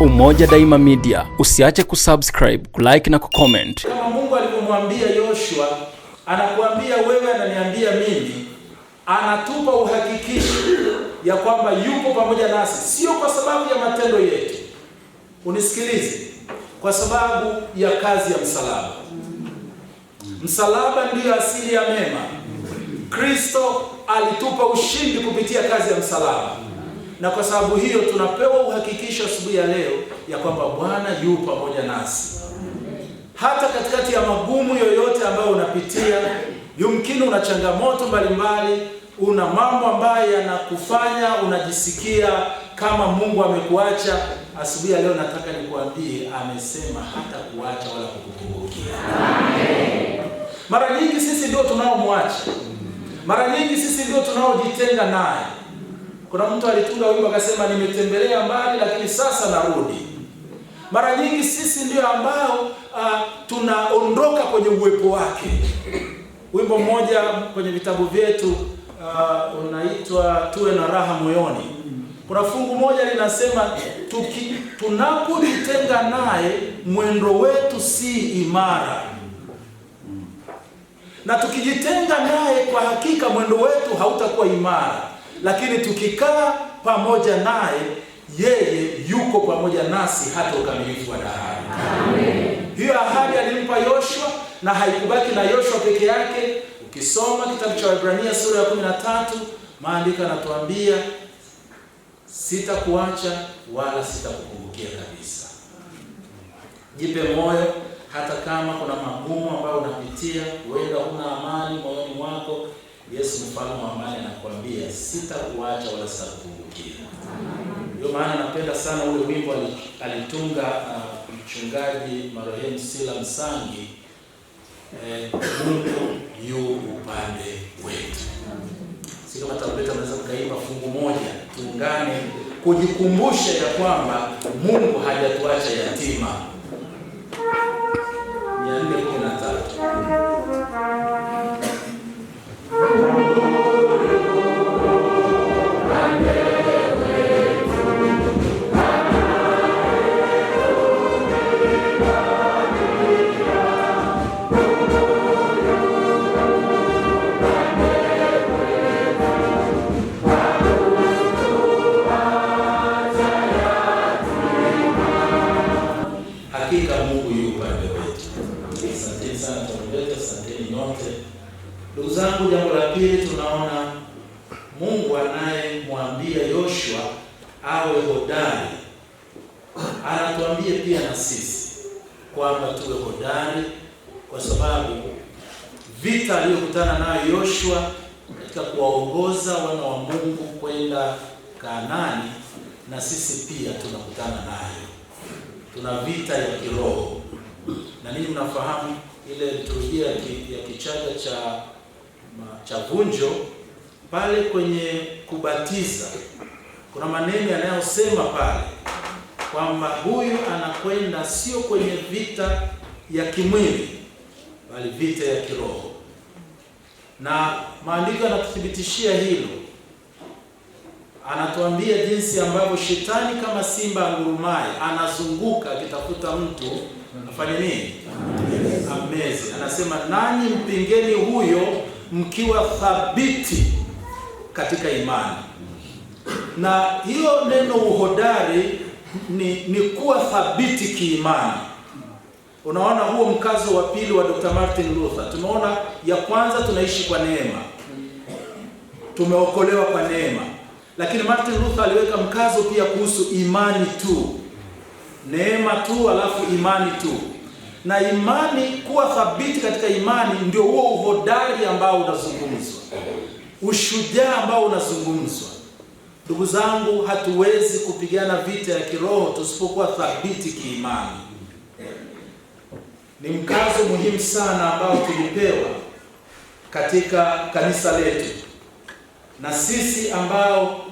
Umoja Daima Media, usiache kusubscribe, kulike na kucomment. Kama Mungu alivyomwambia Yoshua, anakuambia wewe, ananiambia mimi, anatupa uhakikisho ya kwamba yupo pamoja nasi, sio kwa sababu ya matendo yetu, unisikilize, kwa sababu ya kazi ya msalaba. Msalaba ndiyo asili ya mema. Kristo alitupa ushindi kupitia kazi ya msalaba na kwa sababu hiyo tunapewa uhakikisho asubuhi ya leo ya kwamba Bwana yu pamoja nasi hata katikati ya magumu yoyote ambayo unapitia. Yumkini una changamoto mbalimbali, una mambo ambayo yanakufanya unajisikia kama Mungu amekuacha. Asubuhi ya leo nataka nikuambie, amesema hata kuacha wala kukupungukia. Mara nyingi sisi ndio tunaomwacha, mara nyingi sisi ndio tunaojitenga naye kuna mtu alitunga wimbo akasema, nimetembelea mbali lakini sasa narudi. Mara nyingi sisi ndio ambao uh, tunaondoka kwenye uwepo wake. Wimbo mmoja kwenye vitabu vyetu uh, unaitwa tuwe na raha moyoni. Kuna fungu moja linasema tuki tunapojitenga naye mwendo wetu si imara, na tukijitenga naye kwa hakika mwendo wetu hautakuwa imara lakini tukikaa pamoja naye, yeye yuko pamoja nasi hata ukamilifu wa dahari. Hiyo ahadi alimpa Yoshua na haikubaki na Yoshua peke yake. Ukisoma kitabu cha wibrania sura ya 13 maandiko anatuambia sitakuacha wala sitakukumbukia kabisa. Jipe moyo hata kama kuna magumu ambayo unapitia, huenda huna amani moyoni mwako Yesu mfalme wa amani anakuambia sitakuacha wala sitakupungukia. Ndio maana napenda sana ule wimbo alitunga uh, mchungaji marehemu Sila Msangi eh, Mungu yu upande wetu. Si kama tableta naweza kukaimba fungu moja, tuungane kujikumbusha ya kwamba Mungu hajatuacha yatima. hakika Mungu yu upande wetu. Asanteni sana tauletu, asanteni nyote ndugu zangu. Jambo la pili, tunaona Mungu anayemwambia Yoshua awe hodari, anatuambia pia na sisi kwamba tuwe hodari, kwa sababu vita aliyokutana nayo Yoshua katika kuwaongoza wana wa Mungu kwenda Kanaani, na sisi pia tunakutana nayo tuna vita ya kiroho, na ninyi mnafahamu ile liturujia ya kichaga cha cha vunjo pale kwenye kubatiza kuna maneno yanayosema pale kwamba huyu anakwenda sio kwenye vita ya kimwili, bali vita ya kiroho, na maandiko yanatuthibitishia hilo anatuambia jinsi ambavyo shetani kama simba angurumaye anazunguka akitafuta mtu afanye nini, ameze. Anasema, nani mpingeni huyo mkiwa thabiti katika imani. Na hiyo neno uhodari ni, ni kuwa thabiti kiimani. Unaona huo mkazo wa pili wa Dr. Martin Luther. Tumeona ya kwanza tunaishi kwa neema, tumeokolewa kwa neema lakini Martin Luther aliweka mkazo pia kuhusu imani tu, neema tu, alafu imani tu, na imani, kuwa thabiti katika imani ndio huo uhodari ambao unazungumzwa, ushujaa ambao unazungumzwa. Ndugu zangu, hatuwezi kupigana vita ya kiroho tusipokuwa thabiti kiimani. Ni mkazo muhimu sana ambao tulipewa katika kanisa letu, na sisi ambao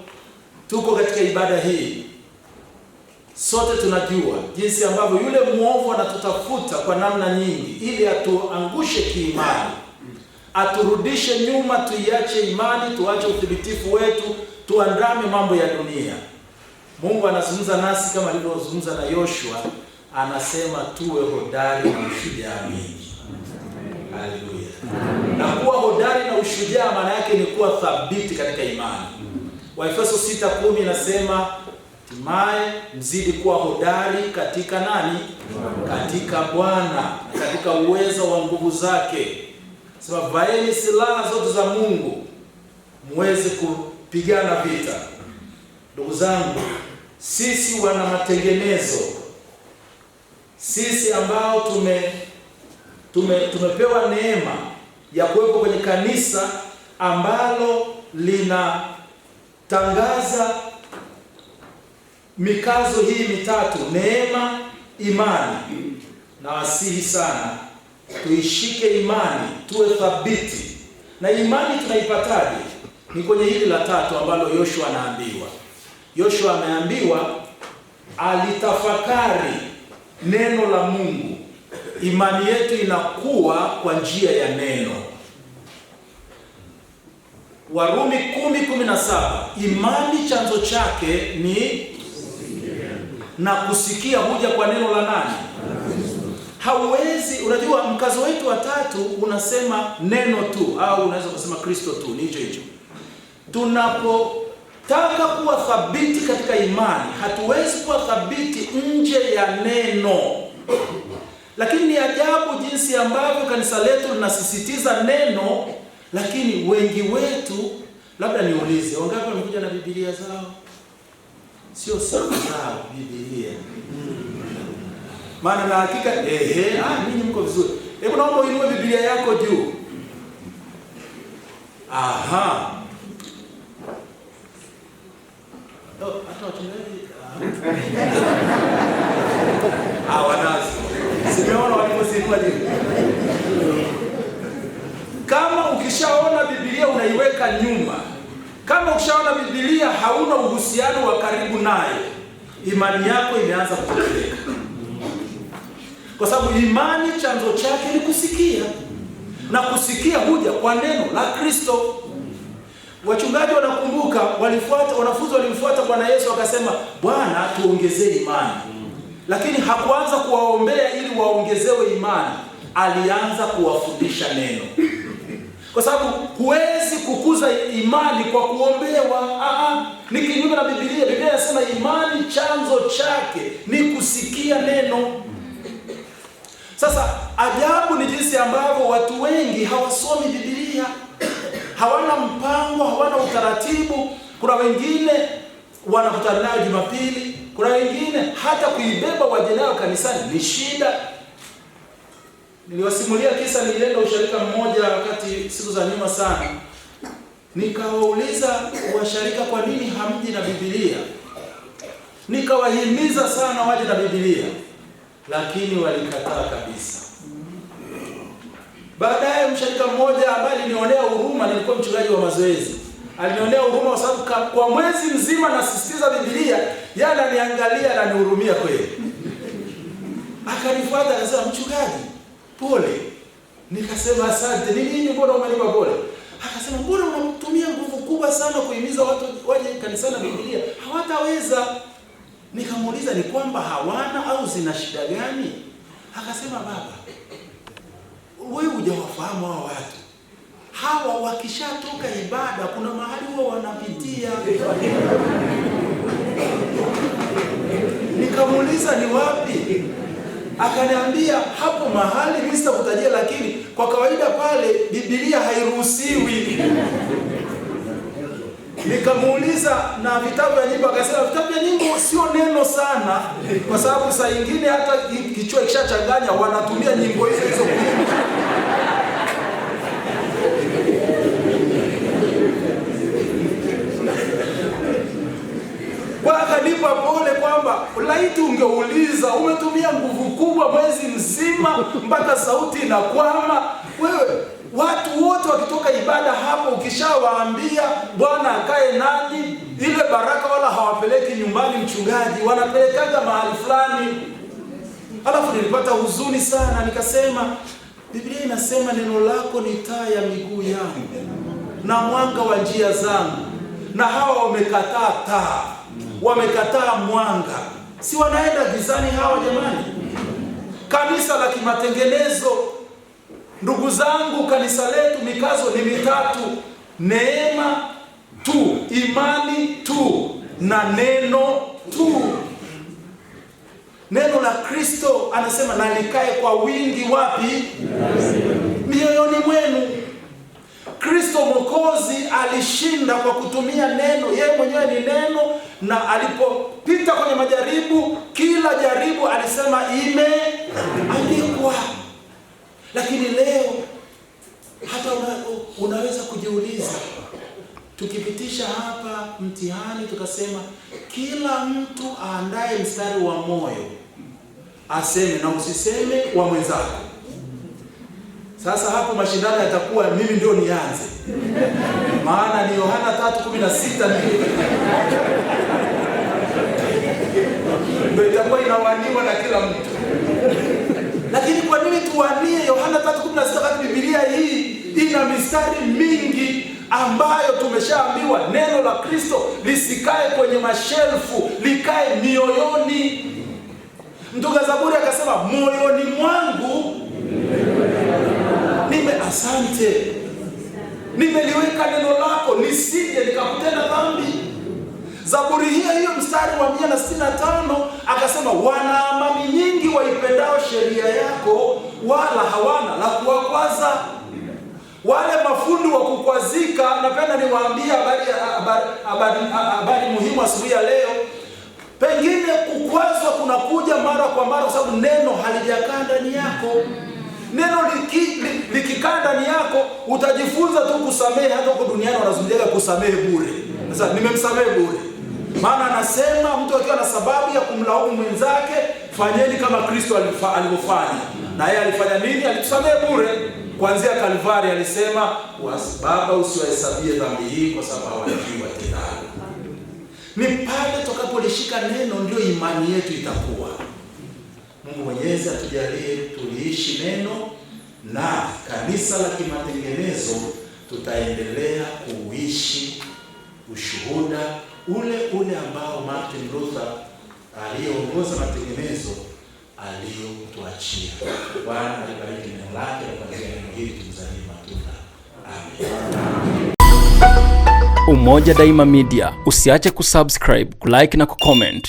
tuko katika ibada hii, sote tunajua jinsi ambavyo yule mwovu anatutafuta kwa namna nyingi, ili atuangushe kiimani, aturudishe nyuma, tuiache imani, tuache uthibitifu wetu, tuandame mambo ya dunia. Mungu anazungumza nasi kama alivyozungumza na Yoshua, anasema tuwe hodari na ushujaa mwingi. Haleluya! Na kuwa hodari na ushujaa maana yake ni kuwa thabiti katika imani. Waefeso 6:10 inasema hatimaye mzidi kuwa hodari katika nani? Katika Bwana, katika uwezo wa nguvu zake. Sema vaeni silaha zote za Mungu muweze kupigana vita. Ndugu zangu, sisi wana matengenezo, sisi ambao tume, tume tumepewa neema ya kuwepo kwenye kanisa ambalo lina tangaza mikazo hii mitatu: neema, imani. na Nawasihi sana tuishike imani, tuwe thabiti na imani. Tunaipataje? Ni kwenye hili la tatu ambalo Yoshua anaambiwa. Yoshua ameambiwa alitafakari neno la Mungu. Imani yetu inakuwa kwa njia ya neno. Warumi kumi kumi na saba imani chanzo chake ni na kusikia huja kwa neno la nani? Hauwezi. Unajua, mkazo wetu wa tatu unasema neno tu, au unaweza kusema Kristo tu, ni hicho hicho. Tunapotaka kuwa thabiti katika imani, hatuwezi kuwa thabiti nje ya neno. Lakini ni ajabu jinsi ambavyo kanisa letu linasisitiza neno lakini wengi wetu, labda niulize, wangapi wamekuja na Biblia zao? Sio sana zao Biblia. Maana na hakika ehe, ah, ninyi mko vizuri. Hebu naomba uinue Biblia yako juu. Aha. No, oh, hata wachungaji ah, wanazo. Simeona walipozinua juu. Kama ukishaona Biblia unaiweka nyuma, kama ukishaona Biblia hauna uhusiano wa karibu naye, imani yako imeanza kupotea, kwa sababu imani chanzo chake ni kusikia, na kusikia huja kwa neno la Kristo. Wachungaji wanakumbuka, walifuata wanafunzi walimfuata Bwana Yesu wakasema, Bwana, tuongezee imani. Lakini hakuanza kuwaombea ili waongezewe imani, alianza kuwafundisha neno kwa sababu huwezi kukuza imani kwa kuombewa. Ah, ah. ni kinyume na Biblia. Biblia inasema imani chanzo chake ni kusikia neno. Sasa ajabu ni jinsi ambavyo watu wengi hawasomi Biblia, hawana mpango, hawana utaratibu. Kuna wengine wanakutana nayo Jumapili, kuna wengine hata kuibeba waje nayo kanisani ni shida. Niliwasimulia kisa, nilienda usharika mmoja wakati siku za nyuma sana, nikawauliza washarika, kwa nini hamji na Biblia? Nikawahimiza sana waje na Biblia, lakini walikataa kabisa. Baadaye msharika mmoja ambaye alinionea huruma, nilikuwa mchungaji wa mazoezi, alinionea huruma kwa sababu kwa mwezi mzima nasisitiza Biblia, yeye ananiangalia, ananihurumia kweli. Akanifuata akasema, mchungaji pole. Nikasema asante, ni nini, mbona umenipa pole? Akasema mbona unamtumia nguvu kubwa sana kuhimiza watu waje kanisani na Biblia, hawataweza. Nikamuuliza ni kwamba hawana au zina shida gani? Akasema baba, wewe hujawafahamu hawa watu hawa wakishatoka ibada kuna mahali huwa wanapitia. Nikamuuliza ni wapi? Akaniambia hapo mahali mimi sitakutajia, lakini kwa kawaida pale Biblia hairuhusiwi. Nikamuuliza na vitabu vya nyimbo, akasema vitabu vya nyimbo sio neno sana, kwa sababu saa nyingine hata kichwa kishachanganya, wanatumia nyimbo hizo hizo nipa pole kwamba laiti ungeuliza, umetumia nguvu kubwa mwezi mzima mpaka sauti inakwama. Wewe watu wote wakitoka ibada hapo, ukishawaambia Bwana akae nani, ile baraka wala hawapeleki nyumbani, mchungaji, wanapelekaga mahali fulani. Alafu nilipata huzuni sana, nikasema Biblia inasema neno lako ni taa ya miguu yangu na mwanga wa njia zangu na hawa wamekataa taa, wamekataa mwanga, si wanaenda gizani hawa jamani? Kanisa la kimatengenezo, ndugu zangu, kanisa letu mikazo ni mitatu: neema tu, imani tu, na neno tu. Neno la Kristo anasema, nalikae kwa wingi wapi? mioyo alishinda kwa kutumia neno. Yeye mwenyewe ni neno, na alipopita kwenye majaribu, kila jaribu alisema imeandikwa. Lakini leo hata una, unaweza kujiuliza tukipitisha hapa mtihani tukasema kila mtu aandaye mstari wa moyo aseme na usiseme wa mwenzako. Sasa hapo mashindano yatakuwa mimi ndio nianze maana ni Yohana 3:16 ndio itakuwa inawaniwa na kila mtu. Lakini kwa nini tuwanie Yohana 3:16 wakati Biblia hii ina mistari mingi ambayo tumeshaambiwa neno la Kristo lisikae kwenye mashelfu, likae mioyoni. Mtunga Zaburi akasema moyoni mwangu nime asante nimeliweka neno lako nisije nikakutenda dhambi. Zaburi hiyo hiyo mstari wa mia na akasema, wana amani nyingi waipendao sheria yako, wala hawana la kuwakwaza. Wale mafundi wa kukwazika, napenda niwaambie habari habari habari muhimu asubuhi ya leo. Pengine kukwazwa kunakuja mara kwa mara, kwa sababu neno halijakaa ndani yako. Neno likikaa ndani yako utajifunza tu kusamehe. Hata huko duniani wanazungumzia kusamehe bure. Sasa nimemsamehe bure, maana anasema mtu akiwa na sababu ya kumlaumu mwenzake, fanyeni kama Kristo alivyofanya. Na yeye alifanya nini? Alitusamehe bure. Kuanzia Kalvari alisema, Baba, usiwahesabie dhambi hii, kwa sababu hawajui wakitana. Ni pale tutakapolishika neno, ndio imani yetu itakuwa. Mungu Mwenyezi atujalie tu kuliishi neno na kanisa la kimatengenezo tutaendelea kuishi ushuhuda ule ule ambao Martin Luther aliyeongoza matengenezo aliyotuachia. Bwana alibariki neno lake, kuanzia neno hili tumzalie matunda. Amen. Umoja Daima Media, usiache kusubscribe, kulike na kucomment.